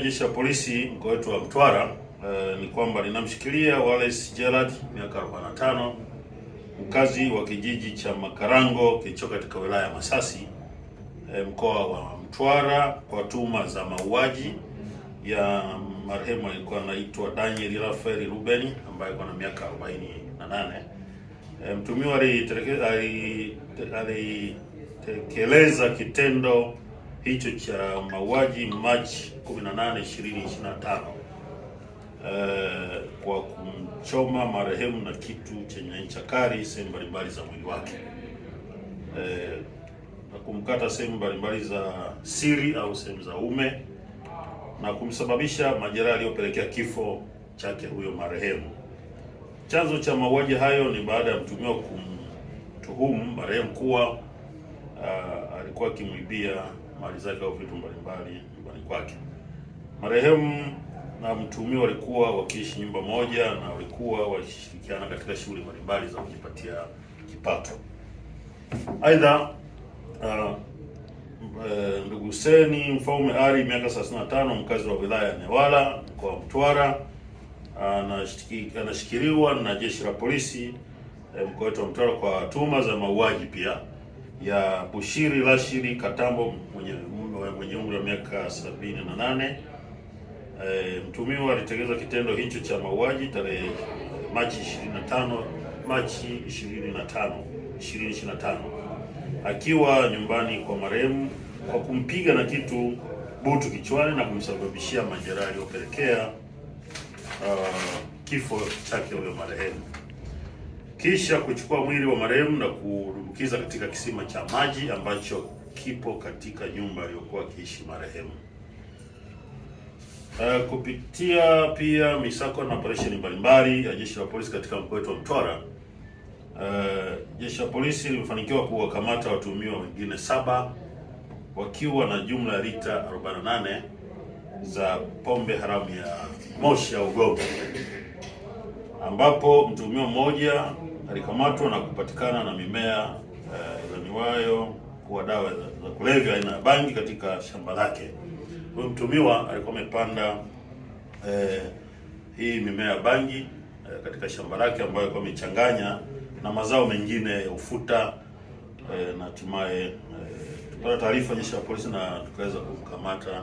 Jeshi la polisi mkoa wetu wa Mtwara eh, ni kwamba linamshikilia Wallace Gerald miaka 45 mkazi wa kijiji cha Makarango kilicho katika wilaya ya Masasi e, mkoa wa Mtwara kwa tuhuma za mauaji ya marehemu alikuwa anaitwa Daniel Rafael ruben ambaye alikuwa na miaka 48. E, mtuhumiwa alitekeleza kitendo hicho cha mauaji Machi 18, 2025 kwa kumchoma marehemu na kitu chenye ncha kali sehemu mbalimbali za mwili wake eh, na kumkata sehemu mbalimbali za siri au sehemu za ume na kumsababisha majeraha aliyopelekea kifo chake huyo marehemu. Chanzo cha mauaji hayo ni baada ya mtumiwa kumtuhumu marehemu kuwa uh, alikuwa akimwibia mali zake au vitu mbalimbali nyumbani kwake. Marehemu na mtuhumiwa walikuwa wakiishi nyumba moja na walikuwa wakishirikiana katika shughuli mbalimbali za kujipatia kipato. Aidha, uh, eh, ndugu Huseni Mfaume Ali miaka 35 mkazi wa wilaya ya Newala mkoa wa Mtwara anashikiliwa na jeshi la polisi eh, mkoa wetu wa Mtwara kwa tuhuma za mauaji pia ya Bushiri Rashidi Katambo mwenye mwenye umri wa miaka 78. E, eh, mtumiwa alitekeleza kitendo hicho cha mauaji tarehe Machi 25, Machi 25, 2025 akiwa nyumbani kwa marehemu kwa kumpiga na kitu butu kichwani na kumsababishia majeraha yaliyopelekea uh, kifo chake huyo marehemu kisha kuchukua mwili wa marehemu na kudumbukiza katika kisima cha maji ambacho kipo katika nyumba aliyokuwa akiishi marehemu. Uh, kupitia pia misako na operesheni mbalimbali ya jeshi la polisi katika mkoa wetu wa Mtwara, uh, jeshi la polisi limefanikiwa kuwakamata watuhumiwa wengine saba wakiwa na jumla ya lita 48 za pombe haramu ya moshi au gogo, ambapo mtuhumiwa mmoja alikamatwa na kupatikana na mimea eh, idhaniwayo uh, kuwa dawa za kulevya aina ya bangi katika shamba lake. Huyo mtumiwa alikuwa amepanda eh, hii mimea ya bangi eh, katika shamba lake ambayo alikuwa amechanganya na mazao mengine ya ufuta eh, na hatimaye eh, tupata taarifa jeshi la polisi na tukaweza kumkamata.